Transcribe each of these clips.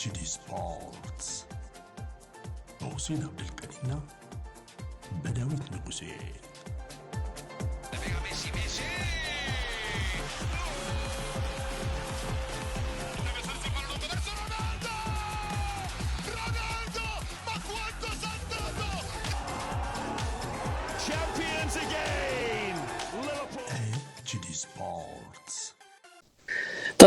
ጂዲ ስፖርትስ በሁሴን አብደልቀዲና በዳዊት ንጉሴ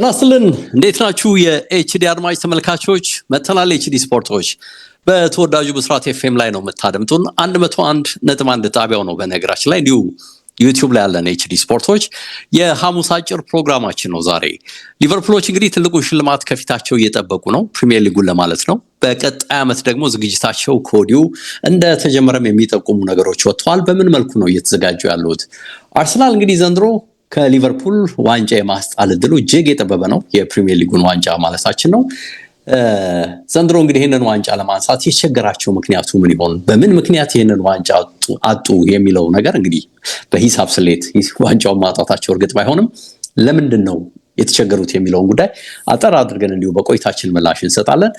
ተናስልን እንዴት ናችሁ? የኤችዲ አድማጭ ተመልካቾች መተናል ኤችዲ ስፖርቶች በተወዳጁ ብስራት ኤፍኤም ላይ ነው የምታደምጡን። አንድ መቶ አንድ ነጥብ አንድ ጣቢያው ነው በነገራችን ላይ እንዲሁ ዩቲዩብ ላይ ያለን ኤችዲ ስፖርቶች የሐሙስ አጭር ፕሮግራማችን ነው ዛሬ። ሊቨርፑሎች እንግዲህ ትልቁን ሽልማት ከፊታቸው እየጠበቁ ነው፣ ፕሪሚየር ሊጉን ለማለት ነው። በቀጣይ ዓመት ደግሞ ዝግጅታቸው ከወዲሁ እንደተጀመረም የሚጠቁሙ ነገሮች ወጥተዋል። በምን መልኩ ነው እየተዘጋጁ ያሉት? አርሰናል እንግዲህ ዘንድሮ ከሊቨርፑል ዋንጫ የማስጣል እድሉ እጅግ የጠበበ ነው። የፕሪሚየር ሊጉን ዋንጫ ማለታችን ነው። ዘንድሮ እንግዲህ ይህንን ዋንጫ ለማንሳት የቸገራቸው ምክንያቱ ምን ይሆን? በምን ምክንያት ይህንን ዋንጫ አጡ የሚለው ነገር እንግዲህ በሂሳብ ስሌት ዋንጫውን ማጣታቸው እርግጥ ባይሆንም ለምንድን ነው የተቸገሩት የሚለውን ጉዳይ አጠር አድርገን እንዲሁ በቆይታችን ምላሽ እንሰጣለን።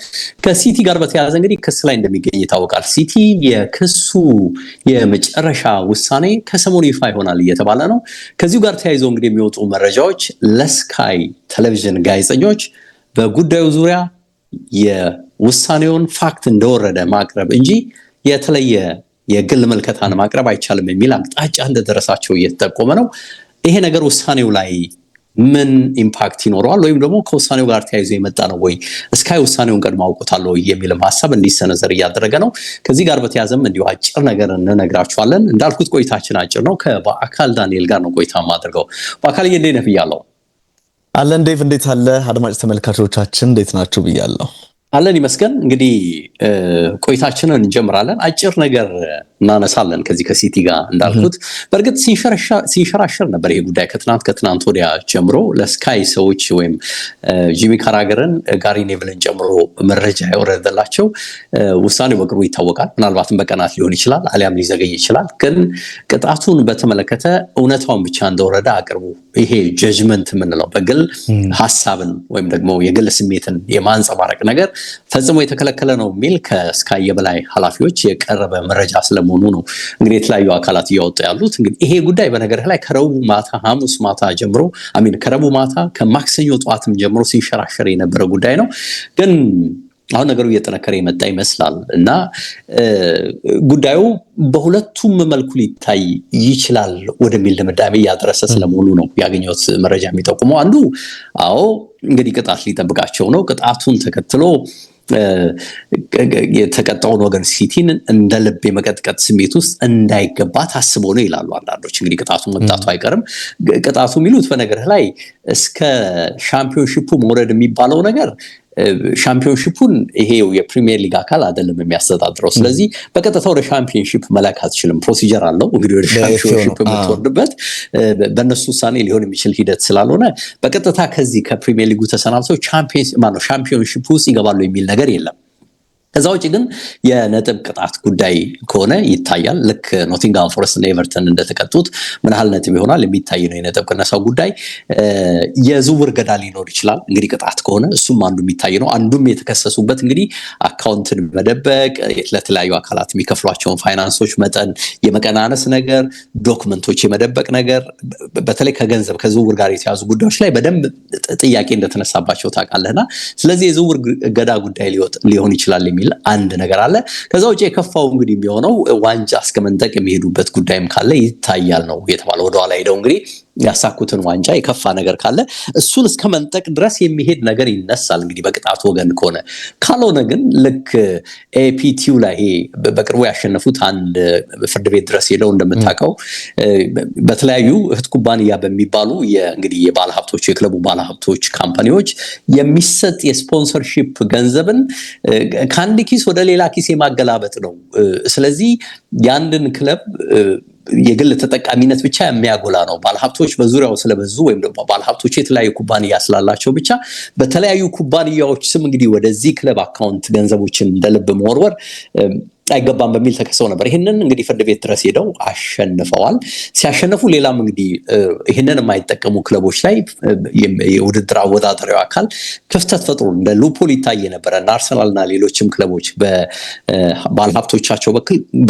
ከሲቲ ጋር በተያያዘ እንግዲህ ክስ ላይ እንደሚገኝ ይታወቃል። ሲቲ የክሱ የመጨረሻ ውሳኔ ከሰሞኑ ይፋ ይሆናል እየተባለ ነው። ከዚሁ ጋር ተያይዞ እንግዲህ የሚወጡ መረጃዎች ለስካይ ቴሌቪዥን ጋዜጠኞች በጉዳዩ ዙሪያ የውሳኔውን ፋክት እንደወረደ ማቅረብ እንጂ የተለየ የግል ምልከታን ማቅረብ አይቻልም የሚል አቅጣጫ እንደደረሳቸው እየተጠቆመ ነው። ይሄ ነገር ውሳኔው ላይ ምን ኢምፓክት ይኖረዋል ወይም ደግሞ ከውሳኔው ጋር ተያይዞ የመጣ ነው ወይ እስካይ ውሳኔውን ቀድሞ አውቆታል ወይ የሚልም ሀሳብ እንዲሰነዘር እያደረገ ነው። ከዚህ ጋር በተያዘም እንዲሁ አጭር ነገር እንነግራችኋለን። እንዳልኩት ቆይታችን አጭር ነው። ከበአካል ዳንኤል ጋር ነው ቆይታ ማድርገው። በአካል እየንዴ እያለው አለን ዴቭ እንዴት አለ? አድማጭ ተመልካቾቻችን እንዴት ናችሁ ብያለሁ። አለን ይመስገን እንግዲህ ቆይታችንን እንጀምራለን። አጭር ነገር እናነሳለን ከዚህ ከሲቲ ጋር እንዳልኩት በእርግጥ ሲንሸራሸር ነበር ይሄ ጉዳይ ከትናንት ከትናንት ወዲያ ጀምሮ ለስካይ ሰዎች ወይም ጂሚ ካራገርን ጋሪ ኔቭልን ጨምሮ መረጃ የወረደላቸው ውሳኔ በቅርቡ ይታወቃል። ምናልባትም በቀናት ሊሆን ይችላል፣ አሊያም ሊዘገይ ይችላል። ግን ቅጣቱን በተመለከተ እውነታውን ብቻ እንደወረደ አቅርቡ። ይሄ ጀጅመንት የምንለው በግል ሀሳብን ወይም ደግሞ የግል ስሜትን የማንጸባረቅ ነገር ፈጽሞ የተከለከለ ነው የሚል ከስካይ የበላይ ኃላፊዎች የቀረበ መረጃ ስለመሆኑ ነው እንግዲህ የተለያዩ አካላት እያወጡ ያሉት። እንግዲህ ይሄ ጉዳይ በነገር ላይ ከረቡ ማታ ሐሙስ ማታ ጀምሮ አሚን ከረቡ ማታ ከማክሰኞ ጠዋትም ጀምሮ ሲንሸራሸር የነበረ ጉዳይ ነው ግን አሁን ነገሩ እየጠነከረ የመጣ ይመስላል እና ጉዳዩ በሁለቱም መልኩ ሊታይ ይችላል ወደሚል ድምዳሜ እያደረሰ ስለመሆኑ ነው ያገኘሁት መረጃ የሚጠቁመው። አንዱ አዎ እንግዲህ ቅጣት ሊጠብቃቸው ነው። ቅጣቱን ተከትሎ የተቀጣውን ወገን ሲቲን እንደ ልብ የመቀጥቀጥ ስሜት ውስጥ እንዳይገባ ታስቦ ነው ይላሉ አንዳንዶች። እንግዲህ ቅጣቱ መምጣቱ አይቀርም። ቅጣቱ የሚሉት በነገርህ ላይ እስከ ሻምፒዮንሺፑ መውረድ የሚባለው ነገር ሻምፒዮንሽፑን ይሄው የፕሪሚየር ሊግ አካል አይደለም የሚያስተዳድረው። ስለዚህ በቀጥታ ወደ ሻምፒዮንሽፕ መላክ አትችልም። ፕሮሲጀር አለው እንግዲህ ወደ ሻምፒዮንሽፕ የምትወርድበት በእነሱ ውሳኔ ሊሆን የሚችል ሂደት ስላልሆነ በቀጥታ ከዚህ ከፕሪሚየር ሊጉ ተሰናብተው ሻምፒዮንሽፕ ውስጥ ይገባሉ የሚል ነገር የለም። ከዛ ውጭ ግን የነጥብ ቅጣት ጉዳይ ከሆነ ይታያል። ልክ ኖቲንግሃም ፎረስት እና ኤቨርተን እንደተቀጡት ምን ያህል ነጥብ ይሆናል የሚታይ ነው። የነጥብ ቅነሳው ጉዳይ የዝውውር ገዳ ሊኖር ይችላል። እንግዲህ ቅጣት ከሆነ እሱም አንዱ የሚታይ ነው። አንዱም የተከሰሱበት እንግዲህ አካውንትን መደበቅ፣ ለተለያዩ አካላት የሚከፍሏቸውን ፋይናንሶች መጠን የመቀናነስ ነገር፣ ዶክመንቶች የመደበቅ ነገር፣ በተለይ ከገንዘብ ከዝውውር ጋር የተያዙ ጉዳዮች ላይ በደንብ ጥያቄ እንደተነሳባቸው ታውቃለህና ስለዚህ የዝውውር ገዳ ጉዳይ ሊሆን ይችላል የሚል አንድ ነገር አለ። ከዛ ውጭ የከፋው እንግዲህ የሚሆነው ዋንጫ እስከ መንጠቅ የሚሄዱበት ጉዳይም ካለ ይታያል ነው የተባለ። ወደኋላ ሄደው እንግዲህ ያሳኩትን ዋንጫ የከፋ ነገር ካለ እሱን እስከ መንጠቅ ድረስ የሚሄድ ነገር ይነሳል። እንግዲህ በቅጣቱ ወገን ከሆነ ካልሆነ ግን ልክ ኤፒቲዩ ላይ በቅርቡ ያሸነፉት አንድ ፍርድ ቤት ድረስ ሄደው እንደምታውቀው በተለያዩ እህት ኩባንያ በሚባሉ እንግዲህ የባለ ሀብቶች የክለቡ ባለ ሀብቶች ካምፓኒዎች የሚሰጥ የስፖንሰርሺፕ ገንዘብን ከአንድ ኪስ ወደ ሌላ ኪስ የማገላበጥ ነው። ስለዚህ የአንድን ክለብ የግል ተጠቃሚነት ብቻ የሚያጎላ ነው። ባለሀብቶች በዙሪያው ስለበዙ ወይም ደግሞ ባለሀብቶች የተለያዩ ኩባንያ ስላላቸው ብቻ በተለያዩ ኩባንያዎች ስም እንግዲህ ወደዚህ ክለብ አካውንት ገንዘቦችን እንደልብ መወርወር አይገባም በሚል ተከሰው ነበር። ይህንን እንግዲህ ፍርድ ቤት ድረስ ሄደው አሸንፈዋል። ሲያሸንፉ ሌላም እንግዲህ ይህንን የማይጠቀሙ ክለቦች ላይ የውድድር አወዳደሪው አካል ክፍተት ፈጥሮ እንደ ሉፖል ይታይ ነበረ እና አርሰናልና ሌሎችም ክለቦች ባለሀብቶቻቸው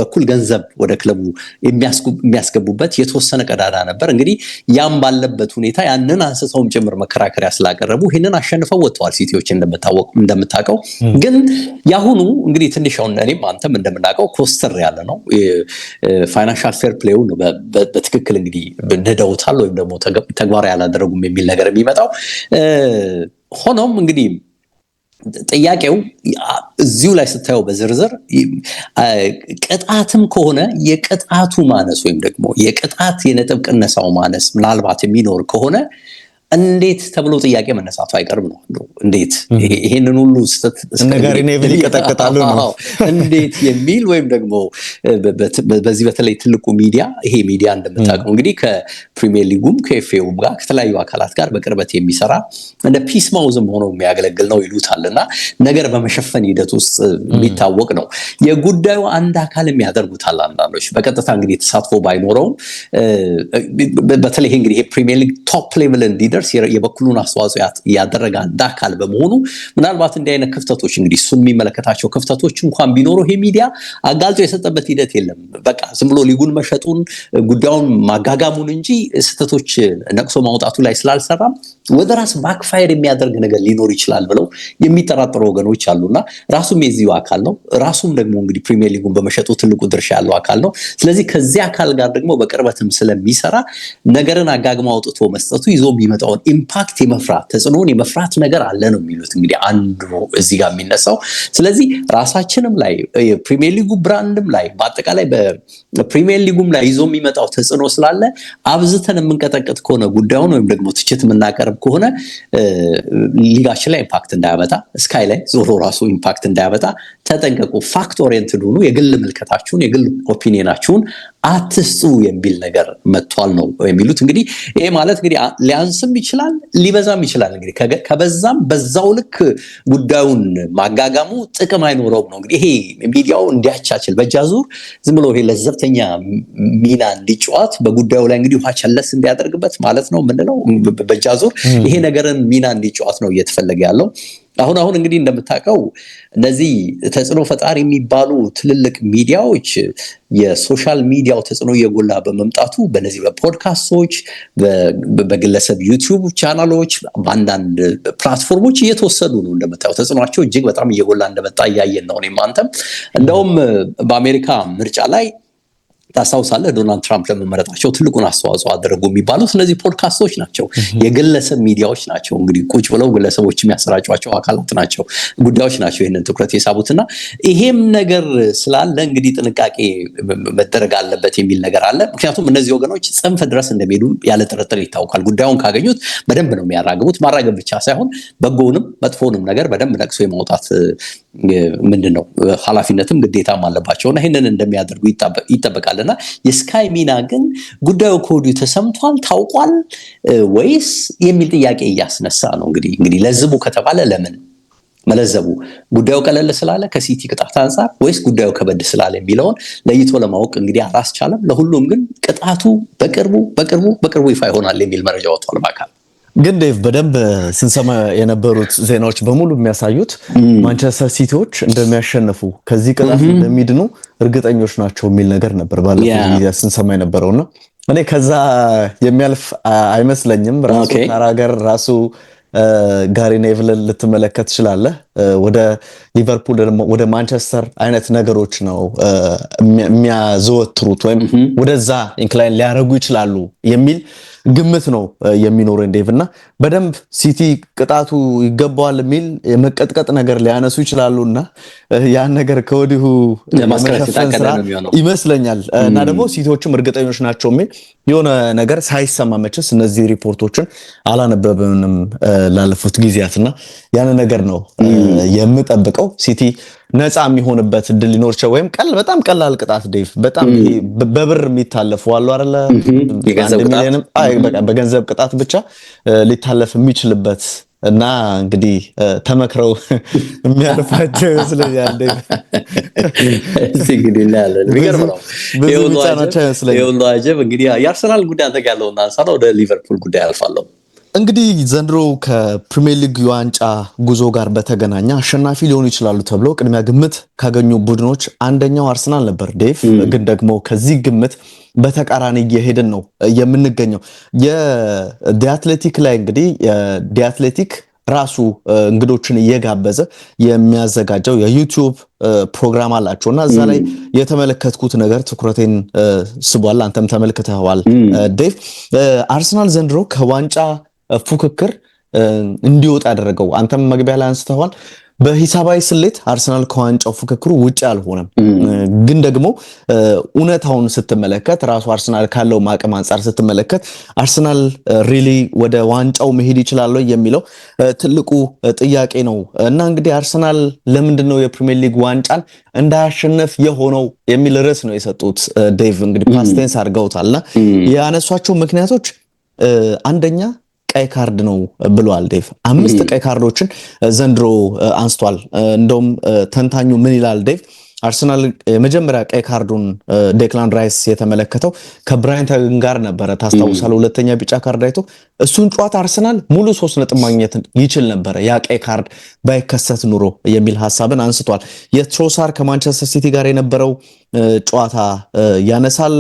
በኩል ገንዘብ ወደ ክለቡ የሚያስገቡበት የተወሰነ ቀዳዳ ነበር። እንግዲህ ያም ባለበት ሁኔታ ያንን አንስተውም ጭምር መከራከሪያ ስላቀረቡ ይህንን አሸንፈው ወጥተዋል። ሲቲዎች እንደምታውቀው ግን ያሁኑ እንግዲህ ትንሽ እኔም አንተም እንደ እንደምናውቀው ኮስተር ያለ ነው። ፋይናንሻል ፌር ፕሌውን በትክክል እንግዲህ ንደውታል ወይም ደግሞ ተግባራዊ ያላደረጉም የሚል ነገር የሚመጣው ሆኖም እንግዲህ ጥያቄው እዚሁ ላይ ስታየው በዝርዝር ቅጣትም ከሆነ የቅጣቱ ማነስ ወይም ደግሞ የቅጣት የነጥብ ቅነሳው ማነስ ምናልባት የሚኖር ከሆነ እንዴት ተብሎ ጥያቄ መነሳቱ አይቀርም ነው። እንዴት ይሄንን ሁሉ እንዴት የሚል ወይም ደግሞ በዚህ በተለይ ትልቁ ሚዲያ ይሄ ሚዲያ እንደምታውቀው እንግዲህ ከፕሪሚየር ሊጉም ከኤፍኤውም ጋር ከተለያዩ አካላት ጋር በቅርበት የሚሰራ እንደ ፒስ ማውዝም ሆኖ የሚያገለግል ነው ይሉታል እና ነገር በመሸፈን ሂደት ውስጥ የሚታወቅ ነው። የጉዳዩ አንድ አካል የሚያደርጉታል አንዳንዶች በቀጥታ እንግዲህ ተሳትፎ ባይኖረውም በተለይ እንግዲህ ፕሪሚየር ሊግ ቶፕ ሌቭል እንዲደርስ እንዲደርስ የበኩሉን አስተዋጽኦ ያደረገ አንድ አካል በመሆኑ ምናልባት እንዲህ አይነት ክፍተቶች እንግዲህ እሱ የሚመለከታቸው ክፍተቶች እንኳን ቢኖሩ ይሄ ሚዲያ አጋልጦ የሰጠበት ሂደት የለም። በቃ ዝም ብሎ ሊጉን መሸጡን ጉዳዩን ማጋጋሙን እንጂ ስህተቶች ነቅሶ ማውጣቱ ላይ ስላልሰራም ወደ ራስ ባክፋየር የሚያደርግ ነገር ሊኖር ይችላል ብለው የሚጠራጠሩ ወገኖች አሉና ራሱም የዚሁ አካል ነው። ራሱም ደግሞ እንግዲህ ፕሪሚየር ሊጉን በመሸጡ ትልቁ ድርሻ ያለው አካል ነው። ስለዚህ ከዚህ አካል ጋር ደግሞ በቅርበትም ስለሚሰራ ነገርን አጋግማ አውጥቶ መስጠቱ ይዞ የሚመጣውን ኢምፓክት የመፍራት ተጽዕኖውን የመፍራት ነገር አለ ነው የሚሉት እንግዲህ አንዱ እዚህ ጋር የሚነሳው። ስለዚህ ራሳችንም ላይ የፕሪሚየር ሊጉ ብራንድም ላይ በአጠቃላይ በፕሪሚየር ሊጉም ላይ ይዞ የሚመጣው ተጽዕኖ ስላለ አብዝተን የምንቀጠቅጥ ከሆነ ጉዳዩን ወይም ደግሞ ትችት የምናቀርብ የሚቀርብ ከሆነ ሊጋችን ላይ ኢምፓክት እንዳያመጣ፣ ስካይ ላይ ዞሮ ራሱ ኢምፓክት እንዳያመጣ ተጠንቀቁ። ፋክት ኦሪየንትድ ሁኑ። የግል ምልከታችሁን የግል ኦፒኒናችሁን አትስጡ የሚል ነገር መጥቷል ነው የሚሉት። እንግዲህ ይሄ ማለት እንግዲህ ሊያንስም ይችላል ሊበዛም ይችላል። እንግዲህ ከበዛም በዛው ልክ ጉዳዩን ማጋጋሙ ጥቅም አይኖረውም ነው እንግዲህ ይሄ ሚዲያው እንዲያቻችል በእጃ ዙር ዝም ብሎ ይሄ ለዘብተኛ ሚና እንዲጫወት በጉዳዩ ላይ እንግዲህ ውሃ ቸለስ እንዲያደርግበት ማለት ነው። ምንድነው በእጃ ዙር ይሄ ነገርን ሚና እንዲጫወት ነው እየተፈለገ ያለው። አሁን አሁን እንግዲህ እንደምታውቀው እነዚህ ተጽዕኖ ፈጣሪ የሚባሉ ትልልቅ ሚዲያዎች የሶሻል ሚዲያው ተጽዕኖ እየጎላ በመምጣቱ በነዚህ በፖድካስቶች፣ በግለሰብ ዩቲዩብ ቻናሎች፣ በአንዳንድ ፕላትፎርሞች እየተወሰዱ ነው። እንደምታየው ተጽዕኖቸው እጅግ በጣም እየጎላ እንደመጣ እያየን ነው። እኔም አንተም እንደውም በአሜሪካ ምርጫ ላይ ታስታውሳለህ፣ ዶናልድ ትራምፕ ለመመረጣቸው ትልቁን አስተዋጽኦ አደረጉ የሚባሉት እነዚህ ፖድካስቶች ናቸው፣ የግለሰብ ሚዲያዎች ናቸው። እንግዲህ ቁጭ ብለው ግለሰቦች የሚያሰራጯቸው አካላት ናቸው፣ ጉዳዮች ናቸው ይህንን ትኩረት የሳቡት እና ይሄም ነገር ስላለ እንግዲህ ጥንቃቄ መደረግ አለበት የሚል ነገር አለ። ምክንያቱም እነዚህ ወገኖች ጽንፍ ድረስ እንደሚሄዱ ያለ ጥርጥር ይታወቃል። ጉዳዩን ካገኙት በደንብ ነው የሚያራግቡት። ማራገብ ብቻ ሳይሆን በጎውንም መጥፎንም ነገር በደንብ ነቅሶ የማውጣት ምንድን ነው ኃላፊነትም ግዴታም አለባቸውና ይህንን እንደሚያደርጉ ይጠበቃል። እና የስካይ ሚና ግን ጉዳዩ ከወዲሁ ተሰምቷል፣ ታውቋል ወይስ የሚል ጥያቄ እያስነሳ ነው። እንግዲህ እንግዲህ ለዝቡ ከተባለ ለምን መለዘቡ ጉዳዩ ቀለል ስላለ ከሲቲ ቅጣት አንጻር ወይስ ጉዳዩ ከበድ ስላለ የሚለውን ለይቶ ለማወቅ እንግዲህ አላስቻለም። ለሁሉም ግን ቅጣቱ በቅርቡ በቅርቡ በቅርቡ ይፋ ይሆናል የሚል መረጃ ወጥቷል በአካል ግን ዴቭ በደንብ ስንሰማ የነበሩት ዜናዎች በሙሉ የሚያሳዩት ማንቸስተር ሲቲዎች እንደሚያሸንፉ ከዚህ ቅጣት እንደሚድኑ እርግጠኞች ናቸው የሚል ነገር ነበር ባለፈው ስንሰማ የነበረውና እኔ ከዛ የሚያልፍ አይመስለኝም። ራሱ ካራገር ራሱ ጋሪ ኔቭልን ልትመለከት ትችላለህ። ወደ ሊቨርፑል ወደ ማንቸስተር አይነት ነገሮች ነው የሚያዘወትሩት ወይም ወደዛ ኢንክላይን ሊያደርጉ ይችላሉ የሚል ግምት ነው የሚኖረን ዴቭ እና በደንብ ሲቲ ቅጣቱ ይገባዋል የሚል የመቀጥቀጥ ነገር ሊያነሱ ይችላሉ እና ያን ነገር ከወዲሁ የመሸፈን ስራ ይመስለኛል እና ደግሞ ሲቲዎችም እርግጠኞች ናቸው የሚል የሆነ ነገር ሳይሰማ መችስ እነዚህ ሪፖርቶችን አላነበብንም ላለፉት ጊዜያት እና ያን ነገር ነው የምጠብቀው ሲቲ ነፃ የሚሆንበት እድል ሊኖርቸው ወይም ቀል በጣም ቀላል ቅጣት ዴቭ በጣም በብር የሚታለፉ አሉ አለ በገንዘብ ቅጣት ብቻ ሊታለፍ የሚችልበት እና እንግዲህ ተመክረው የሚያልፋቸው ይመስለኛል። እንግዲህ እናያለን። የሚገርም ነው። ይኸው ነው አጀብ። የአርሰናል ጉዳይ አጠቃለሁ እና ወደ ሊቨርፑል ጉዳይ አልፋለሁ። እንግዲህ ዘንድሮ ከፕሪሚየር ሊግ የዋንጫ ጉዞ ጋር በተገናኘ አሸናፊ ሊሆኑ ይችላሉ ተብሎ ቅድሚያ ግምት ካገኙ ቡድኖች አንደኛው አርሰናል ነበር። ዴቭ ግን ደግሞ ከዚህ ግምት በተቃራኒ እየሄድን ነው የምንገኘው። የዲአትሌቲክ ላይ እንግዲህ ዲአትሌቲክ ራሱ እንግዶችን እየጋበዘ የሚያዘጋጀው የዩቲዩብ ፕሮግራም አላቸው እና እዛ ላይ የተመለከትኩት ነገር ትኩረቴን ስቧል። አንተም ተመልክተዋል ዴቭ። አርሰናል ዘንድሮ ከዋንጫ ፉክክር እንዲወጥ ያደረገው አንተም መግቢያ ላይ አንስተዋል። በሂሳባዊ ስሌት አርሰናል ከዋንጫው ፉክክሩ ውጭ አልሆነም፣ ግን ደግሞ እውነታውን ስትመለከት ራሱ አርሰናል ካለው ማቅም አንጻር ስትመለከት አርሰናል ሪሊ ወደ ዋንጫው መሄድ ይችላል የሚለው ትልቁ ጥያቄ ነው እና እንግዲህ አርሰናል ለምንድን ነው የፕሪሚየር ሊግ ዋንጫን እንዳያሸነፍ የሆነው የሚል ርዕስ ነው የሰጡት። ዴቭ እንግዲህ ፓስቴንስ አድርገውታልና ያነሷቸው ምክንያቶች አንደኛ ቀይ ካርድ ነው ብሏል። ዴቭ አምስት ቀይ ካርዶችን ዘንድሮ አንስቷል። እንደውም ተንታኙ ምን ይላል ዴቭ አርሰናል የመጀመሪያ ቀይ ካርዱን ዴክላን ራይስ የተመለከተው ከብራይንተን ጋር ነበረ ታስታውሳለህ። ሁለተኛ ቢጫ ካርድ አይቶ እሱን ጨዋታ አርሰናል ሙሉ ሶስት ነጥብ ማግኘት ይችል ነበረ ያ ቀይ ካርድ ባይከሰት ኑሮ የሚል ሀሳብን አንስቷል። የትሮሳር ከማንቸስተር ሲቲ ጋር የነበረው ጨዋታ ያነሳል።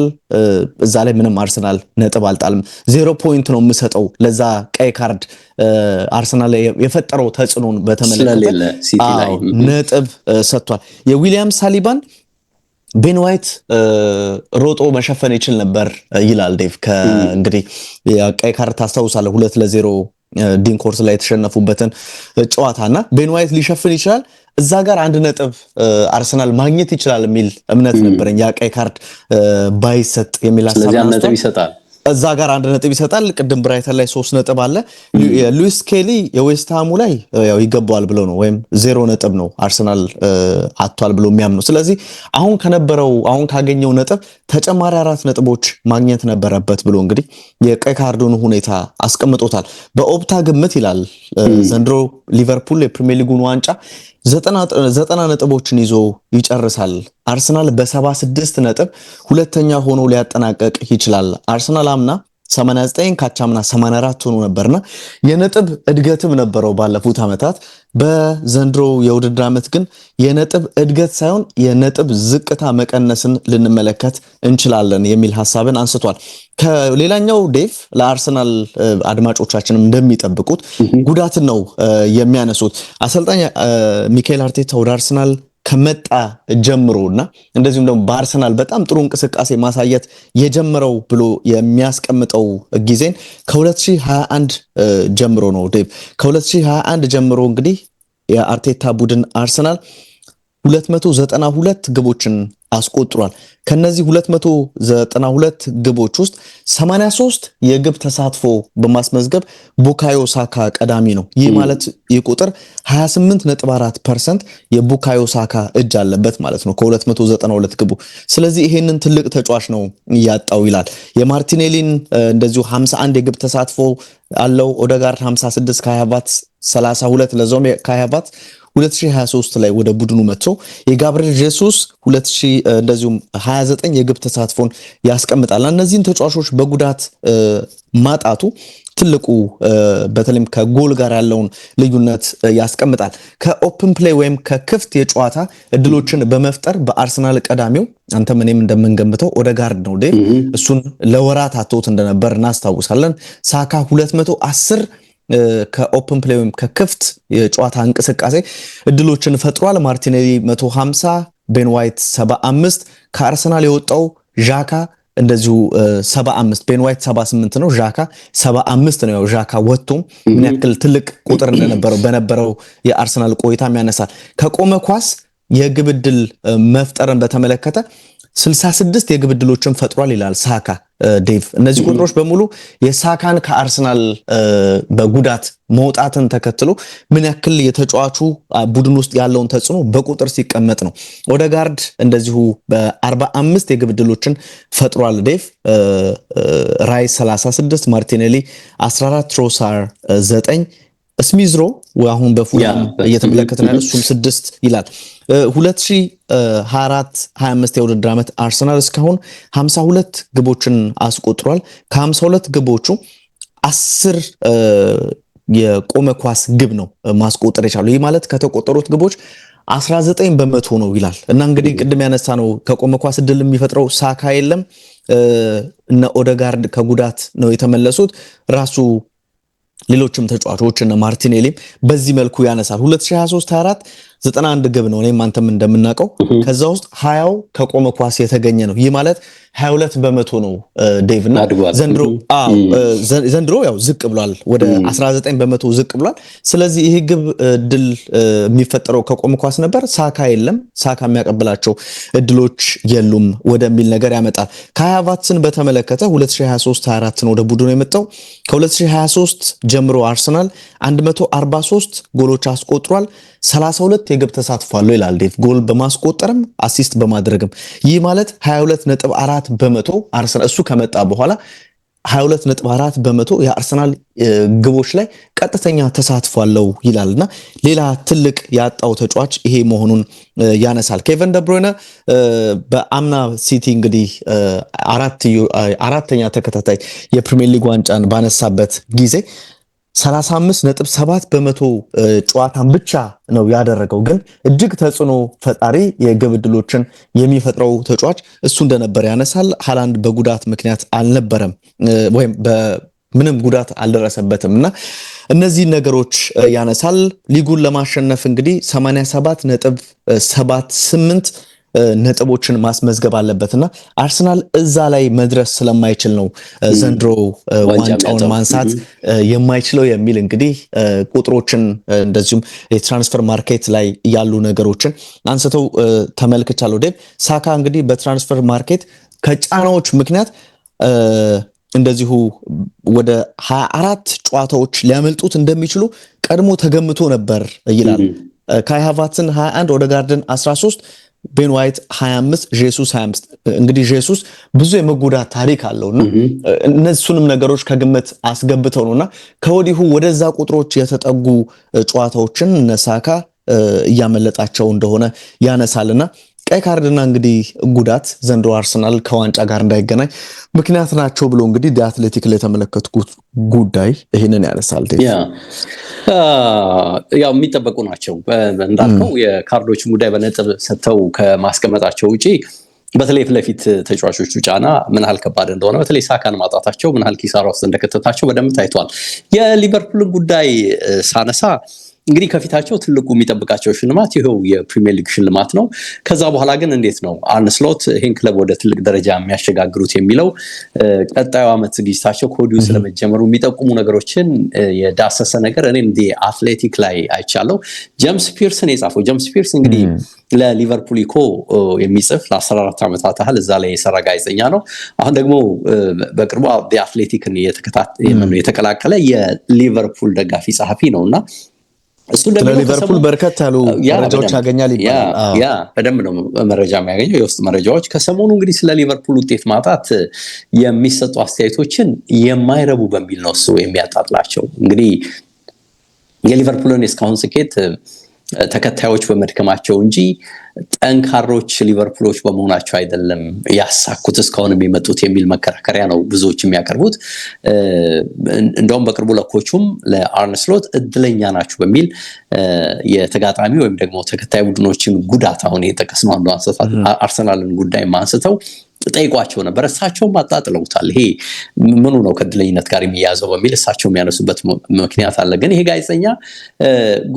እዛ ላይ ምንም አርሰናል ነጥብ አልጣልም። ዜሮ ፖይንት ነው የምሰጠው ለዛ ቀይ ካርድ አርሰናል የፈጠረው ተጽዕኖን በተመለከተ ነጥብ ሰጥቷል። የዊሊያም ታሊባን ቤን ዋይት ሮጦ መሸፈን ይችል ነበር ይላል ዴቭ። እንግዲህ ቀይ ካርድ ታስታውሳለህ፣ ሁለት ለዜሮ ዲንኮርስ ላይ የተሸነፉበትን ጨዋታና ቤን ዋይት ሊሸፍን ይችላል እዛ ጋር አንድ ነጥብ አርሰናል ማግኘት ይችላል የሚል እምነት ነበረኝ። ያ ቀይ ካርድ ባይሰጥ የሚል ሀሳብ ይሰጣል እዛ ጋር አንድ ነጥብ ይሰጣል። ቅድም ብራይተን ላይ ሶስት ነጥብ አለ። ሉዊስ ኬሊ የዌስትሃሙ ላይ ያው ይገባዋል ብሎ ነው ወይም ዜሮ ነጥብ ነው አርሰናል አቷል ብሎ የሚያምነው። ስለዚህ አሁን ከነበረው አሁን ካገኘው ነጥብ ተጨማሪ አራት ነጥቦች ማግኘት ነበረበት ብሎ እንግዲህ የቀይ ካርዱን ሁኔታ አስቀምጦታል። በኦፕታ ግምት ይላል ዘንድሮ ሊቨርፑል የፕሪሚየር ሊጉን ዋንጫ ዘጠና ነጥቦችን ይዞ ይጨርሳል። አርሰናል በሰባ ስድስት ነጥብ ሁለተኛ ሆኖ ሊያጠናቀቅ ይችላል። አርሰናል አምና 89 ካቻምና 84 ሆኖ ነበርና የነጥብ እድገትም ነበረው ባለፉት ዓመታት። በዘንድሮ የውድድር ዓመት ግን የነጥብ እድገት ሳይሆን የነጥብ ዝቅታ መቀነስን ልንመለከት እንችላለን የሚል ሀሳብን አንስቷል። ከሌላኛው ዴቭ ለአርሰናል አድማጮቻችንም እንደሚጠብቁት ጉዳትን ነው የሚያነሱት። አሰልጣኝ ሚካኤል አርቴታ ወደ አርሰናል ከመጣ ጀምሮ እና እንደዚሁም ደግሞ በአርሰናል በጣም ጥሩ እንቅስቃሴ ማሳየት የጀመረው ብሎ የሚያስቀምጠው ጊዜን ከ2021 ጀምሮ ነው። ዴቭ ከ2021 ጀምሮ እንግዲህ የአርቴታ ቡድን አርሰናል 292 ግቦችን አስቆጥሯል። ከነዚህ 292 ግቦች ውስጥ 83 የግብ ተሳትፎ በማስመዝገብ ቡካዮ ሳካ ቀዳሚ ነው። ይህ ማለት ይህ ቁጥር 28.4% የቡካዮ ሳካ እጅ አለበት ማለት ነው ከ292 ግቡ። ስለዚህ ይሄንን ትልቅ ተጫዋች ነው እያጣው ይላል። የማርቲኔሊን እንደዚሁ 51 የግብ ተሳትፎ አለው። ኦደጋርድ 56 ከ27 32 ለዞም ከ27 2023 ላይ ወደ ቡድኑ መጥቶ የጋብሪኤል ጄሱስ እንደዚሁም 29 የግብ ተሳትፎን ያስቀምጣልና እነዚህን ተጫዋቾች በጉዳት ማጣቱ ትልቁ በተለይም ከጎል ጋር ያለውን ልዩነት ያስቀምጣል። ከኦፕን ፕሌይ ወይም ከክፍት የጨዋታ እድሎችን በመፍጠር በአርሰናል ቀዳሚው አንተም እኔም እንደምንገምተው ኦደጋርድ ነው። እሱን ለወራት አቶት እንደነበር እናስታውሳለን። ሳካ 210 ከኦፕን ፕሌይ ወይም ከክፍት የጨዋታ እንቅስቃሴ እድሎችን ፈጥሯል። ማርቲኔሊ 150፣ ቤን ዋይት 75፣ ከአርሰናል የወጣው ዣካ እንደዚሁ 75 ቤን ዋይት 78 ነው። ዣካ 75 ነው። ያው ዣካ ወጥቶ ምን ያክል ትልቅ ቁጥር እንደነበረው በነበረው የአርሰናል ቆይታም ያነሳል። ከቆመ ኳስ የግብ እድል መፍጠርን በተመለከተ 66 የግብ ዕድሎችን ፈጥሯል ይላል ሳካ ዴቭ። እነዚህ ቁጥሮች በሙሉ የሳካን ከአርሰናል በጉዳት መውጣትን ተከትሎ ምን ያክል የተጫዋቹ ቡድን ውስጥ ያለውን ተጽዕኖ በቁጥር ሲቀመጥ ነው። ኦደጋርድ እንደዚሁ በ45 የግብ ዕድሎችን ፈጥሯል ዴቭ። ራይ 36፣ ማርቲኔሊ 14፣ ትሮሳር 9 ስሚዝሮ አሁን በፉላም እየተመለከት ነው። እሱም ስድስት ይላል። 2024 25 የውድድር ዓመት አርሰናል እስካሁን 52 ግቦችን አስቆጥሯል። ከ52 ግቦቹ አስር የቆመ ኳስ ግብ ነው ማስቆጠር የቻለው። ይህ ማለት ከተቆጠሩት ግቦች 19 በመቶ ነው ይላል እና እንግዲህ ቅድም ያነሳ ነው ከቆመ ኳስ እድል የሚፈጥረው ሳካ የለም እነ ኦደጋርድ ከጉዳት ነው የተመለሱት ራሱ ሌሎችም ተጫዋቾች እነ ማርቲኔሊም በዚህ መልኩ ያነሳል 2023/24 ዘጠና አንድ ግብ ነው እኔም አንተም እንደምናውቀው ከዛ ውስጥ ሀያው ከቆመ ኳስ የተገኘ ነው። ይህ ማለት ሀያ ሁለት በመቶ ነው ዴቭ እና ዘንድሮ ያው ዝቅ ብሏል፣ ወደ 19 በመቶ ዝቅ ብሏል። ስለዚህ ይህ ግብ እድል የሚፈጠረው ከቆመ ኳስ ነበር። ሳካ የለም፣ ሳካ የሚያቀብላቸው እድሎች የሉም ወደሚል ነገር ያመጣል። ከሀያ በተመለከተ 2023/24 ነው ወደ ቡድኑ የመጣው። ከ2023 ጀምሮ አርሰናል 143 ጎሎች አስቆጥሯል 32 ሁለት የግብ ተሳትፎ አለው ይላል ዴቭ። ጎል በማስቆጠርም አሲስት በማድረግም ይህ ማለት 22.4 በመቶ አርሰናል እሱ ከመጣ በኋላ 22.4 በመቶ የአርሰናል ግቦች ላይ ቀጥተኛ ተሳትፎ አለው እና ሌላ ትልቅ ያጣው ተጫዋች ይሄ መሆኑን ያነሳል። ኬቨን ደብሮይነ በአምና ሲቲ እንግዲህ አራተኛ ተከታታይ የፕሪሚየር ሊግ ዋንጫን ባነሳበት ጊዜ 35.7 በመቶ ጨዋታን ብቻ ነው ያደረገው። ግን እጅግ ተጽዕኖ ፈጣሪ የግብ ዕድሎችን የሚፈጥረው ተጫዋች እሱ እንደነበር ያነሳል። ሃላንድ በጉዳት ምክንያት አልነበረም ወይም ምንም ጉዳት አልደረሰበትም እና እነዚህ ነገሮች ያነሳል። ሊጉን ለማሸነፍ እንግዲህ 87.78 ነጥቦችን ማስመዝገብ አለበትና አርሰናል እዛ ላይ መድረስ ስለማይችል ነው ዘንድሮ ዋንጫውን ማንሳት የማይችለው የሚል እንግዲህ ቁጥሮችን እንደዚሁም የትራንስፈር ማርኬት ላይ ያሉ ነገሮችን አንስተው ተመልክቻለሁ። ዴቭ ሳካ እንግዲህ በትራንስፈር ማርኬት ከጫናዎች ምክንያት እንደዚሁ ወደ 24 ጨዋታዎች ሊያመልጡት እንደሚችሉ ቀድሞ ተገምቶ ነበር ይላል። ካይ ሃቨርትዝን 21 ኦደጋርድን 13 ቤን ዋይት 25 ሱስ 25 እንግዲህ ጄሱስ ብዙ የመጎዳት ታሪክ እና እነሱንም ነገሮች ከግምት አስገብተው እና ከወዲሁ ወደዛ ቁጥሮች የተጠጉ ጨዋታዎችን ነሳካ እያመለጣቸው እንደሆነ ያነሳልና ቀይ ካርድና እንግዲህ ጉዳት ዘንድሮ አርሰናል ከዋንጫ ጋር እንዳይገናኝ ምክንያት ናቸው ብሎ እንግዲህ ዲአትሌቲክ ላይ የተመለከትኩት ጉዳይ ይህንን ያነሳል። ያው የሚጠበቁ ናቸው እንዳልከው የካርዶችን ጉዳይ በነጥብ ሰጥተው ከማስቀመጣቸው ውጪ በተለይ ፊትለፊት ተጫዋቾቹ ጫና ምን ያህል ከባድ እንደሆነ በተለይ ሳካን ማጣታቸው ምን ያህል ኪሳራ ውስጥ እንደከተታቸው በደንብ ታይቷል። የሊቨርፑልን ጉዳይ ሳነሳ እንግዲህ ከፊታቸው ትልቁ የሚጠብቃቸው ሽልማት ይኸው የፕሪሚየር ሊግ ሽልማት ነው። ከዛ በኋላ ግን እንዴት ነው አርነ ስሎት ይህን ክለብ ወደ ትልቅ ደረጃ የሚያሸጋግሩት የሚለው ቀጣዩ ዓመት ዝግጅታቸው ከወዲሁ ስለመጀመሩ የሚጠቁሙ ነገሮችን የዳሰሰ ነገር እንዲ አትሌቲክ ላይ አይቻለው። ጀምስ ፒርስን የጻፈው ጀምስ ፒርስ እንግዲህ ለሊቨርፑል ኢኮ የሚጽፍ ለ14 ዓመታት ያህል እዛ ላይ የሰራ ጋዜጠኛ ነው። አሁን ደግሞ በቅርቡ አትሌቲክን የተቀላቀለ የሊቨርፑል ደጋፊ ጸሐፊ ነው እና እሱ ለሊቨርፑል በርከት ያሉ መረጃዎች ያገኛል ይባላል። ያ በደንብ ነው መረጃ የሚያገኘው የውስጥ መረጃዎች። ከሰሞኑ እንግዲህ ስለ ሊቨርፑል ውጤት ማጣት የሚሰጡ አስተያየቶችን የማይረቡ በሚል ነው እሱ የሚያጣጥላቸው። እንግዲህ የሊቨርፑልን የእስካሁን ስኬት ተከታዮች በመድከማቸው እንጂ ጠንካሮች ሊቨርፑሎች በመሆናቸው አይደለም ያሳኩት እስካሁን የሚመጡት የሚል መከራከሪያ ነው ብዙዎች የሚያቀርቡት። እንደውም በቅርቡ ለኮቹም ለአርነስሎት እድለኛ ናቸው በሚል የተጋጣሚ ወይም ደግሞ ተከታይ ቡድኖችን ጉዳት አሁን ነው አንዱ አርሰናልን ጉዳይ አንስተው ጠይቋቸው ነበር። እሳቸውም አጣጥለውታል። ይሄ ምኑ ነው ከእድለኝነት ጋር የሚያዘው በሚል እሳቸው የሚያነሱበት ምክንያት አለ። ግን ይሄ ጋዜጠኛ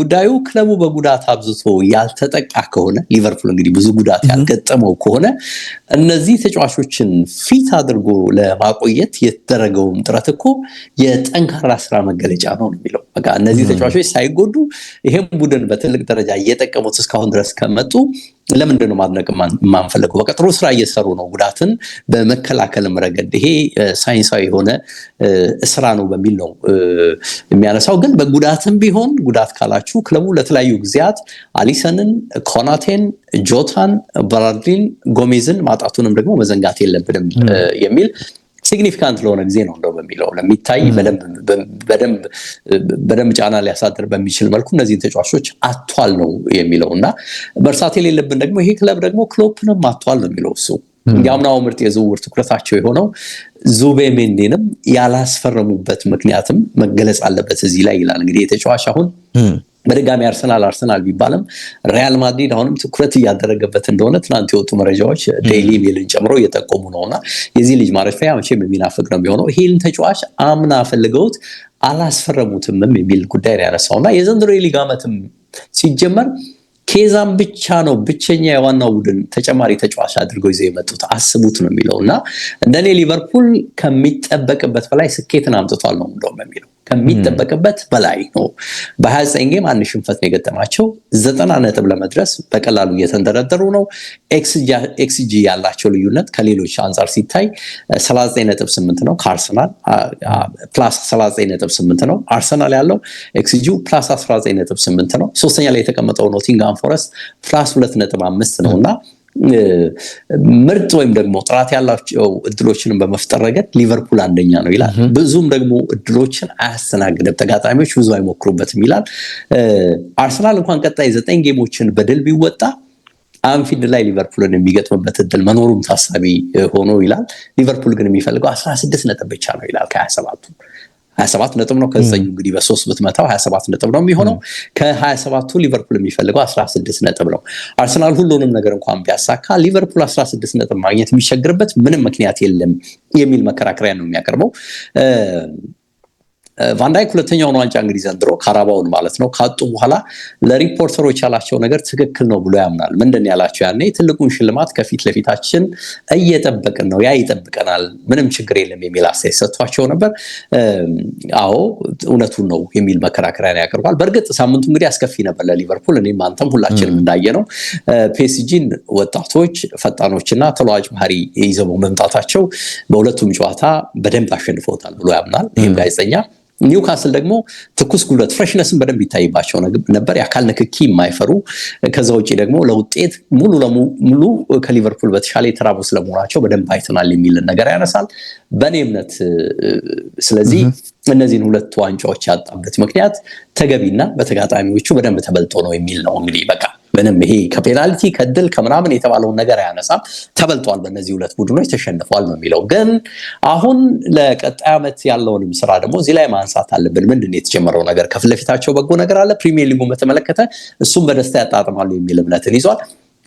ጉዳዩ ክለቡ በጉዳት አብዝቶ ያልተጠቃ ከሆነ ሊቨርፑል እንግዲህ ብዙ ጉዳት ያልገጠመው ከሆነ እነዚህ ተጫዋቾችን ፊት አድርጎ ለማቆየት የተደረገውም ጥረት እኮ የጠንካራ ስራ መገለጫ ነው የሚለው በቃ እነዚህ ተጫዋቾች ሳይጎዱ ይሄም ቡድን በትልቅ ደረጃ እየጠቀሙት እስካሁን ድረስ ከመጡ ለምንድን ነው ማድነቅ የማንፈልገው? በቃ ጥሩ ስራ እየሰሩ ነው። ጉዳትን በመከላከልም ረገድ ይሄ ሳይንሳዊ የሆነ ስራ ነው በሚል ነው የሚያነሳው። ግን በጉዳትም ቢሆን ጉዳት ካላችሁ ክለቡ ለተለያዩ ጊዜያት አሊሰንን፣ ኮናቴን፣ ጆታን፣ ብራድሊን፣ ጎሜዝን ማጣቱንም ደግሞ መዘንጋት የለብንም የሚል ሲግኒፊካንት ለሆነ ጊዜ ነው እንደው በሚለው ለሚታይ በደንብ ጫና ሊያሳድር በሚችል መልኩ እነዚህን ተጫዋቾች አቷል ነው የሚለው እና መርሳት የሌለብን ደግሞ ይሄ ክለብ ደግሞ ክሎፕንም አቷል ነው የሚለው እሱ የአምናው ምርጥ የዝውውር ትኩረታቸው የሆነው ሜንዴንም ያላስፈረሙበት ምክንያትም መገለጽ አለበት እዚህ ላይ ይላል። እንግዲህ የተጫዋች አሁን በድጋሚ አርሰናል አርሰናል ቢባልም ሪያል ማድሪድ አሁንም ትኩረት እያደረገበት እንደሆነ ትናንት የወጡ መረጃዎች ዴይሊ ሜልን ጨምሮ እየጠቆሙ ነውና የዚህ ልጅ ማረፊያ መቼም የሚናፍቅ ነው የሚሆነው። ይህን ተጫዋች አምና ፈልገውት አላስፈረሙትምም የሚል ጉዳይ ነው ያነሳው እና የዘንድሮ የሊግ ዓመትም ሲጀመር ኬዛም ብቻ ነው ብቸኛ የዋናው ቡድን ተጨማሪ ተጫዋች አድርገው ይዘው የመጡት አስቡት ነው የሚለው እና እንደኔ ሊቨርፑል ከሚጠበቅበት በላይ ስኬትን አምጥቷል ነው እንደውም የሚለው ከሚጠበቅበት በላይ ነው። በ29 ጌም አንድ ሽንፈት ነው የገጠማቸው። ዘጠና ነጥብ ለመድረስ በቀላሉ እየተንደረደሩ ነው። ኤክስጂ ያላቸው ልዩነት ከሌሎች አንጻር ሲታይ 39.8 ነው ከአርሰናል ፕላስ 39.8 ነው። አርሰናል ያለው ኤክስጂ ፕላስ 19.8 ነው። ሶስተኛ ላይ የተቀመጠው ኖቲንጋም ፎረስት ፕላስ 2.5 ነው እና ምርጥ ወይም ደግሞ ጥራት ያላቸው እድሎችንም በመፍጠር ረገድ ሊቨርፑል አንደኛ ነው ይላል። ብዙም ደግሞ እድሎችን አያስተናግድም፣ ተጋጣሚዎች ብዙ አይሞክሩበትም ይላል። አርሰናል እንኳን ቀጣይ ዘጠኝ ጌሞችን በድል ቢወጣ አንፊልድ ላይ ሊቨርፑልን የሚገጥምበት እድል መኖሩም ታሳቢ ሆኖ ይላል። ሊቨርፑል ግን የሚፈልገው አስራ ስድስት ነጥብ ብቻ ነው ይላል ከሀያ ሰባቱ 27 ነጥብ ነው። ከዘጠኙ እንግዲህ በሶስት ብትመታው 27 ነጥብ ነው የሚሆነው። ከ27ቱ ሊቨርፑል የሚፈልገው 16 ነጥብ ነው። አርሰናል ሁሉንም ነገር እንኳን ቢያሳካ ሊቨርፑል 16 ነጥብ ማግኘት የሚቸግርበት ምንም ምክንያት የለም የሚል መከራከሪያ ነው የሚያቀርበው። ቫንዳይክ ሁለተኛውን ዋንጫ እንግዲህ ዘንድሮ ካራባውን ማለት ነው ካጡ በኋላ ለሪፖርተሮች ያላቸው ነገር ትክክል ነው ብሎ ያምናል። ምንድን ያላቸው ያኔ ትልቁን ሽልማት ከፊት ለፊታችን እየጠበቅን ነው፣ ያ ይጠብቀናል፣ ምንም ችግር የለም የሚል አስተያየት ሰጥቷቸው ነበር። አዎ እውነቱን ነው የሚል መከራከሪያ ያቀርባል። በእርግጥ ሳምንቱ እንግዲህ አስከፊ ነበር ለሊቨርፑል። እኔም አንተም ሁላችንም እንዳየ ነው ፔሲጂን ወጣቶች ፈጣኖችና ተለዋጭ ባህሪ ይዘው መምጣታቸው በሁለቱም ጨዋታ በደንብ አሸንፈውታል ብሎ ያምናል ይህም ጋዜጠኛ ኒውካስል ደግሞ ትኩስ ጉልበት ፍሬሽነስን በደንብ ይታይባቸው ነበር። የአካል ንክኪ የማይፈሩ ከዛ ውጭ ደግሞ ለውጤት ሙሉ ለሙሉ ከሊቨርፑል በተሻለ የተራቡ ስለመሆናቸው በደንብ አይተናል የሚልን ነገር ያነሳል በእኔ እምነት። ስለዚህ እነዚህን ሁለት ዋንጫዎች ያጣበት ምክንያት ተገቢና በተጋጣሚዎቹ በደንብ ተበልጦ ነው የሚል ነው። እንግዲህ በቃ ምንም ይሄ ከፔናልቲ ከድል ከምናምን የተባለውን ነገር አያነሳም። ተበልጧል፣ በእነዚህ ሁለት ቡድኖች ተሸንፏል ነው የሚለው። ግን አሁን ለቀጣይ ዓመት ያለውንም ስራ ደግሞ እዚህ ላይ ማንሳት አለብን። ምንድን የተጀመረው ነገር? ከፊት ለፊታቸው በጎ ነገር አለ። ፕሪሚየር ሊጉን በተመለከተ እሱም በደስታ ያጣጥማሉ የሚል እምነትን ይዟል።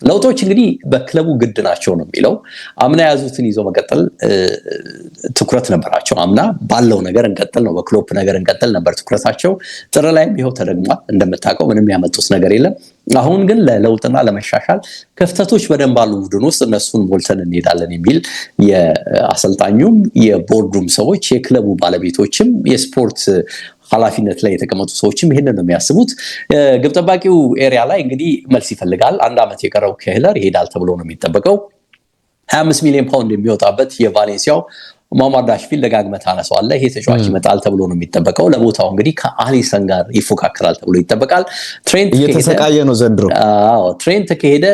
ለውጦች እንግዲህ በክለቡ ግድ ናቸው ነው የሚለው። አምና የያዙትን ይዞ መቀጠል ትኩረት ነበራቸው። አምና ባለው ነገር እንቀጥል ነው፣ በክሎፕ ነገር እንቀጥል ነበር ትኩረታቸው። ጥር ላይም ይኸው ተደግሟል። እንደምታውቀው ምንም ያመጡት ነገር የለም። አሁን ግን ለለውጥና ለመሻሻል ክፍተቶች በደንብ አሉ ቡድን ውስጥ፣ እነሱን ሞልተን እንሄዳለን የሚል የአሰልጣኙም የቦርዱም ሰዎች የክለቡ ባለቤቶችም የስፖርት ኃላፊነት ላይ የተቀመጡ ሰዎችም ይህንን ነው የሚያስቡት። ግብ ጠባቂው ኤሪያ ላይ እንግዲህ መልስ ይፈልጋል። አንድ ዓመት የቀረው ከህለር ይሄዳል ተብሎ ነው የሚጠበቀው። 25 ሚሊዮን ፓውንድ የሚወጣበት የቫሌንሲያው ማማርዳሽቪሊ ደጋግመህ ታነሳዋለህ። ይሄ ተጫዋች ይመጣል ተብሎ ነው የሚጠበቀው። ለቦታው እንግዲህ ከአሊሰን ጋር ይፎካከራል ተብሎ ይጠበቃል። ትሬንት እየተሰቃየ ነው ዘንድሮ። ትሬንት ከሄደ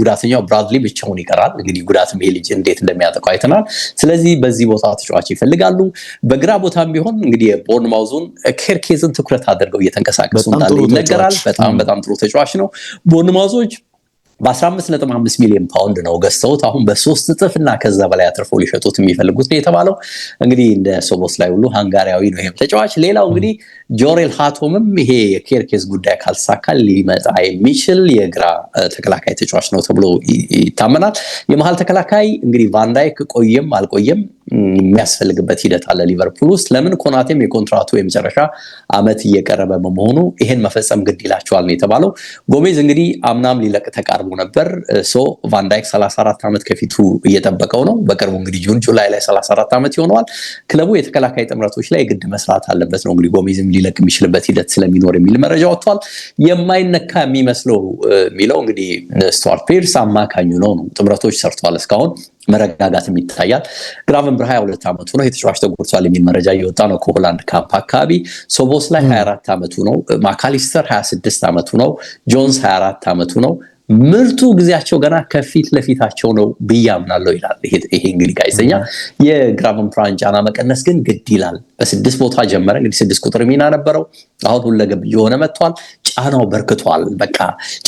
ጉዳተኛው ብራድሊ ብቻውን ይቀራል። እንግዲህ ጉዳት ይሄ ልጅ እንዴት እንደሚያጠቀው አይተናል። ስለዚህ በዚህ ቦታ ተጫዋች ይፈልጋሉ። በግራ ቦታም ቢሆን እንግዲህ የቦርን ማውዙን ኬርኬዝን ትኩረት አድርገው እየተንቀሳቀሱ እንዳለ ይነገራል። በጣም በጣም ጥሩ ተጫዋች ነው ቦርን ማውዞች በ15.5 ሚሊዮን ፓውንድ ነው ገዝተውት አሁን በሶስት እጥፍ እና ከዛ በላይ አትርፎ ሊሸጡት የሚፈልጉት ነው የተባለው። እንግዲህ እንደ ሶቦስ ላይ ሁሉ ሃንጋሪያዊ ነው ይሄም ተጫዋች። ሌላው እንግዲህ ጆሬል ሃቶምም ይሄ የኬርኬዝ ጉዳይ ካልተሳካ ሊመጣ የሚችል የግራ ተከላካይ ተጫዋች ነው ተብሎ ይታመናል። የመሀል ተከላካይ እንግዲህ ቫንዳይክ ቆየም አልቆየም የሚያስፈልግበት ሂደት አለ ሊቨርፑል ውስጥ። ለምን ኮናቴም የኮንትራቱ የመጨረሻ አመት እየቀረበ በመሆኑ ይሄን መፈጸም ግድ ይላቸዋል ነው የተባለው። ጎሜዝ እንግዲህ አምናም ሊለቅ ተቃርቦ ነበር። ሶ ቫንዳይክ 34 ዓመት ከፊቱ እየጠበቀው ነው። በቅርቡ እንግዲህ ጁን ጁላይ ላይ 34 ዓመት ይሆነዋል። ክለቡ የተከላካይ ጥምረቶች ላይ ግድ መስራት አለበት ነው እንግዲህ ጎሜዝም ሊለቅ የሚችልበት ሂደት ስለሚኖር የሚል መረጃ ወጥቷል። የማይነካ የሚመስለው የሚለው እንግዲህ ስቱዋርት ፔርስ አማካኙ ነው ነው ጥምረቶች ሰርቷል እስካሁን መረጋጋትም ይታያል። ብር 22 ዓመቱ ነው የተጫዋች ተጎድቷል የሚል መረጃ እየወጣ ነው ከሆላንድ ካምፕ አካባቢ። ሶቦስ ላይ 24 ዓመቱ ነው። ማካሊስተር 26 ዓመቱ ነው። ጆንስ 24 ዓመቱ ነው። ምርቱ ጊዜያቸው ገና ከፊት ለፊታቸው ነው ብያምናለው ይላል። ይሄ እንግዲህ ጋዜጠኛ የግራም ፕራን ጫና መቀነስ ግን ግድ ይላል። በስድስት ቦታ ጀመረ። እንግዲህ ስድስት ቁጥር ሚና ነበረው። አሁን ሁለገብ እየሆነ መጥቷል። ጫናው በርክቷል። በቃ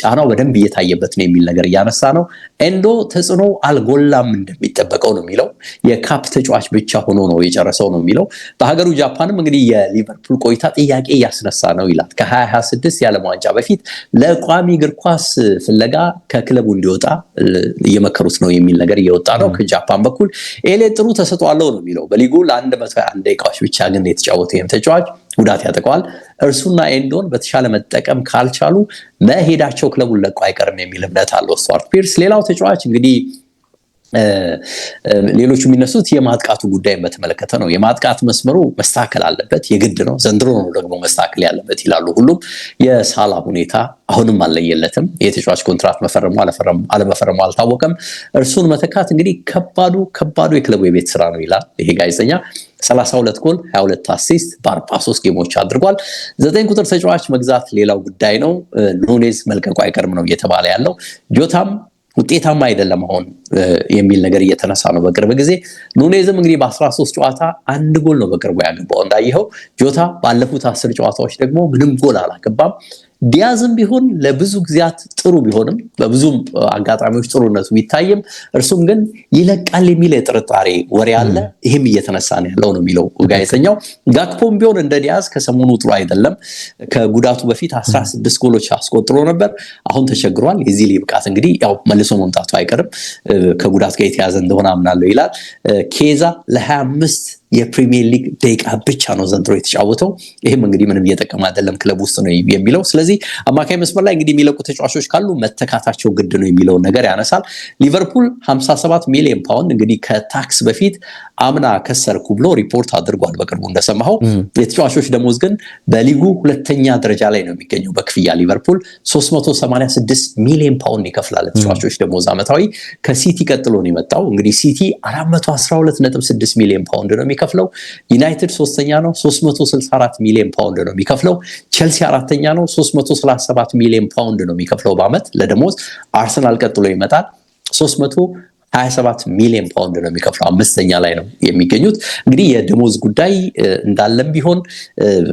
ጫናው በደንብ እየታየበት ነው የሚል ነገር እያነሳ ነው። ኤንዶ ተጽዕኖ አልጎላም እንደሚጠበቀው ነው የሚለው። የካፕ ተጫዋች ብቻ ሆኖ ነው የጨረሰው ነው የሚለው። በሀገሩ ጃፓንም እንግዲህ የሊቨርፑል ቆይታ ጥያቄ እያስነሳ ነው ይላል። ከ2026 የዓለም ዋንጫ በፊት ለቋሚ እግር ኳስ ፍለ ፍለጋ ከክለቡ እንዲወጣ እየመከሩት ነው የሚል ነገር እየወጣ ነው ከጃፓን በኩል። ኤሌ ጥሩ ተሰጥኦ ነው የሚለው። በሊጉ ለአንድ መቶ አንድ ደቂቃዎች ብቻ ግን የተጫወተ ይህም ተጫዋች ጉዳት ያጠቀዋል። እርሱና ኤንዶን በተሻለ መጠቀም ካልቻሉ መሄዳቸው ክለቡን ለቆ አይቀርም የሚል እምነት አለው ስቱዋርት ፒርስ። ሌላው ተጫዋች እንግዲህ ሌሎቹ የሚነሱት የማጥቃቱ ጉዳይን በተመለከተ ነው። የማጥቃት መስመሩ መስተካከል አለበት፣ የግድ ነው። ዘንድሮ ነው ደግሞ መስተካከል ያለበት ይላሉ። ሁሉም የሳላ ሁኔታ አሁንም አልለየለትም። የተጫዋች ኮንትራት መፈረሙ አለመፈረሙ አልታወቀም። እርሱን መተካት እንግዲህ ከባዱ ከባዱ የክለቡ የቤት ስራ ነው ይላል ይሄ ጋዜጠኛ። 32 ጎል 22 አሲስት በ43 ጌሞች አድርጓል። ዘጠኝ ቁጥር ተጫዋች መግዛት ሌላው ጉዳይ ነው። ኑኔዝ መልቀቁ አይቀርም ነው እየተባለ ያለው ጆታም ውጤታማ አይደለም አሁን የሚል ነገር እየተነሳ ነው። በቅርብ ጊዜ ኑኔዝም እንግዲህ በ13 ጨዋታ አንድ ጎል ነው በቅርቡ ያገባው። እንዳየኸው ጆታ ባለፉት አስር ጨዋታዎች ደግሞ ምንም ጎል አላገባም። ዲያዝም ቢሆን ለብዙ ጊዜያት ጥሩ ቢሆንም በብዙም አጋጣሚዎች ጥሩነቱ ቢታይም እርሱም ግን ይለቃል የሚል የጥርጣሬ ወሬ አለ። ይህም እየተነሳ ነው ያለው ነው የሚለው ጋዜጠኛው። ጋክፖም ቢሆን እንደ ዲያዝ ከሰሞኑ ጥሩ አይደለም። ከጉዳቱ በፊት 16 ጎሎች አስቆጥሮ ነበር። አሁን ተቸግሯል። የዚህ ላይ ብቃት እንግዲህ ያው መልሶ መምጣቱ አይቀርም ከጉዳት ጋር የተያዘ እንደሆነ አምናለሁ ይላል። ኬዛ ለ25 የፕሪሚየር ሊግ ደቂቃ ብቻ ነው ዘንድሮ የተጫወተው። ይህም እንግዲህ ምንም እየጠቀመ አይደለም ክለብ ውስጥ ነው የሚለው። ስለዚህ አማካይ መስመር ላይ እንግዲህ የሚለቁ ተጫዋቾች ካሉ መተካታቸው ግድ ነው የሚለውን ነገር ያነሳል። ሊቨርፑል 57 ሚሊዮን ፓውንድ እንግዲህ ከታክስ በፊት አምና ከሰርኩ ብሎ ሪፖርት አድርጓል። በቅርቡ እንደሰማኸው የተጫዋቾች ደሞዝ ግን በሊጉ ሁለተኛ ደረጃ ላይ ነው የሚገኘው በክፍያ ሊቨርፑል 386 ሚሊዮን ፓውንድ ይከፍላል ተጫዋቾች ደሞዝ አመታዊ። ከሲቲ ቀጥሎ ነው የመጣው እንግዲህ ሲቲ 412.6 ሚሊዮን ፓውንድ ነው የሚከፍለው። ዩናይትድ ሶስተኛ ነው፣ 364 ሚሊዮን ፓውንድ ነው የሚከፍለው። ቼልሲ አራተኛ ነው፣ 337 ሚሊዮን ፓውንድ ነው የሚከፍለው በአመት ለደሞዝ። አርሰናል ቀጥሎ ይመጣል 300 27 ሚሊዮን ፓውንድ ነው የሚከፍለው። አምስተኛ ላይ ነው የሚገኙት። እንግዲህ የደሞዝ ጉዳይ እንዳለም ቢሆን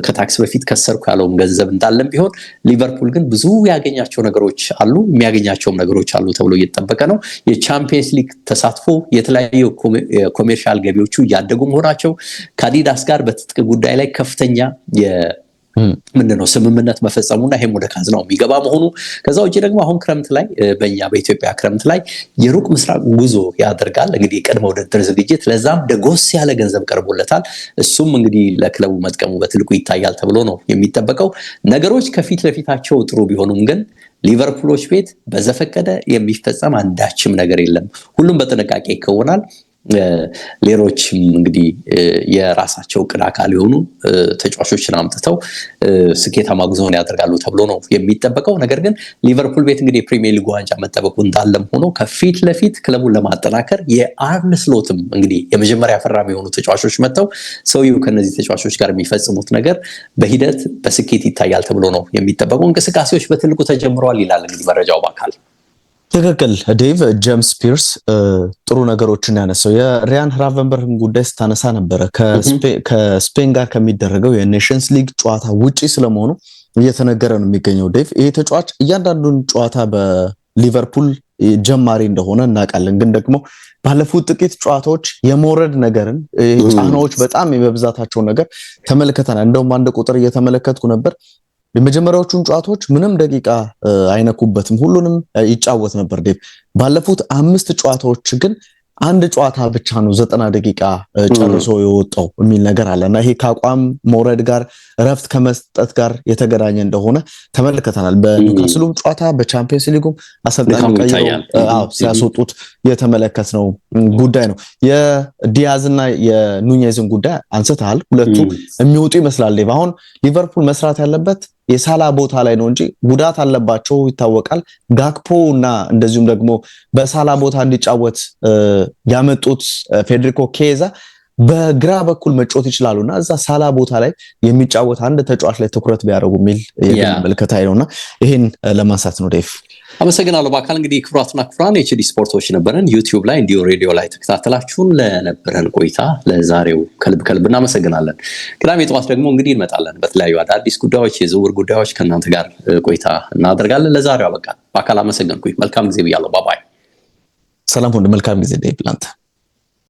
ከታክስ በፊት ከሰርኩ ያለውን ገንዘብ እንዳለም ቢሆን ሊቨርፑል ግን ብዙ ያገኛቸው ነገሮች አሉ፣ የሚያገኛቸውም ነገሮች አሉ ተብሎ እየተጠበቀ ነው። የቻምፒየንስ ሊግ ተሳትፎ፣ የተለያዩ ኮሜርሻል ገቢዎቹ እያደጉ መሆናቸው ከአዲዳስ ጋር በትጥቅ ጉዳይ ላይ ከፍተኛ ምንድነው ስምምነት መፈጸሙና ይሄም ወደ ካዝናው የሚገባ መሆኑ። ከዛ ውጭ ደግሞ አሁን ክረምት ላይ በእኛ በኢትዮጵያ ክረምት ላይ የሩቅ ምስራቅ ጉዞ ያደርጋል። እንግዲህ የቅድመ ውድድር ዝግጅት፣ ለዛም ደጎስ ያለ ገንዘብ ቀርቦለታል። እሱም እንግዲህ ለክለቡ መጥቀሙ በትልቁ ይታያል ተብሎ ነው የሚጠበቀው። ነገሮች ከፊት ለፊታቸው ጥሩ ቢሆኑም ግን ሊቨርፑሎች ቤት በዘፈቀደ የሚፈጸም አንዳችም ነገር የለም። ሁሉም በጥንቃቄ ይከወናል። ሌሎችም እንግዲህ የራሳቸው ቅድ አካል የሆኑ ተጫዋቾችን አምጥተው ስኬታማ ጉዞን ያደርጋሉ ተብሎ ነው የሚጠበቀው። ነገር ግን ሊቨርፑል ቤት እንግዲህ የፕሪሚየር ሊግ ዋንጫ መጠበቁ እንዳለም ሆኖ ከፊት ለፊት ክለቡን ለማጠናከር የአርን ስሎትም እንግዲህ የመጀመሪያ ፈራሚ የሆኑ ተጫዋቾች መጥተው ሰውየው ከነዚህ ተጫዋቾች ጋር የሚፈጽሙት ነገር በሂደት በስኬት ይታያል ተብሎ ነው የሚጠበቀው። እንቅስቃሴዎች በትልቁ ተጀምረዋል ይላል እንግዲህ መረጃው በአካል ትክክል ዴቭ። ጀምስ ፒርስ ጥሩ ነገሮችን ያነሳው የሪያን ራቨንበርግን ጉዳይ ስታነሳ ነበረ። ከስፔን ጋር ከሚደረገው የኔሽንስ ሊግ ጨዋታ ውጪ ስለመሆኑ እየተነገረ ነው የሚገኘው። ዴቭ ይህ ተጫዋች እያንዳንዱን ጨዋታ በሊቨርፑል ጀማሪ እንደሆነ እናውቃለን። ግን ደግሞ ባለፉት ጥቂት ጨዋታዎች የመውረድ ነገርን ጫናዎች በጣም የመብዛታቸውን ነገር ተመልከተናል። እንደውም አንድ ቁጥር እየተመለከትኩ ነበር የመጀመሪያዎቹን ጨዋታዎች ምንም ደቂቃ አይነኩበትም፣ ሁሉንም ይጫወት ነበር ዴቭ። ባለፉት አምስት ጨዋታዎች ግን አንድ ጨዋታ ብቻ ነው ዘጠና ደቂቃ ጨርሶ የወጣው የሚል ነገር አለ እና ይሄ ከአቋም መውረድ ጋር እረፍት ከመስጠት ጋር የተገናኘ እንደሆነ ተመልከተናል። በኒውካስሉም ጨዋታ በቻምፒየንስ ሊጉም አሰልጣኝ ሲያስወጡት የተመለከትነው ጉዳይ ነው። እና የኑኔዝን ጉዳይ አንስተሃል። ሁለቱ የሚወጡ ይመስላል አሁን ሊቨርፑል መስራት ያለበት የሳላ ቦታ ላይ ነው እንጂ ጉዳት አለባቸው ይታወቃል። ጋክፖ እና እንደዚሁም ደግሞ በሳላ ቦታ እንዲጫወት ያመጡት ፌዴሪኮ ኬዛ በግራ በኩል መጫወት ይችላሉ እና እዛ ሳላ ቦታ ላይ የሚጫወት አንድ ተጫዋች ላይ ትኩረት ቢያደርጉ የሚል መልከታ ነው እና ይህን ለማንሳት ነው ዴቭ። አመሰግናለሁ። በአካል እንግዲህ ክቡራትና ክቡራን ኤችዲ ስፖርቶች ነበረን። ዩቲዩብ ላይ እንዲሁ ሬዲዮ ላይ ተከታተላችሁን ለነበረን ቆይታ ለዛሬው ከልብ ከልብ እናመሰግናለን። ቅዳሜ ጠዋት ደግሞ እንግዲህ እንመጣለን በተለያዩ አዳዲስ ጉዳዮች፣ የዝውር ጉዳዮች ከእናንተ ጋር ቆይታ እናደርጋለን። ለዛሬው አበቃ። በአካል አመሰገንኩኝ። መልካም ጊዜ ብያለሁ። ባባይ ሰላም ሁን። መልካም ጊዜ ላንተ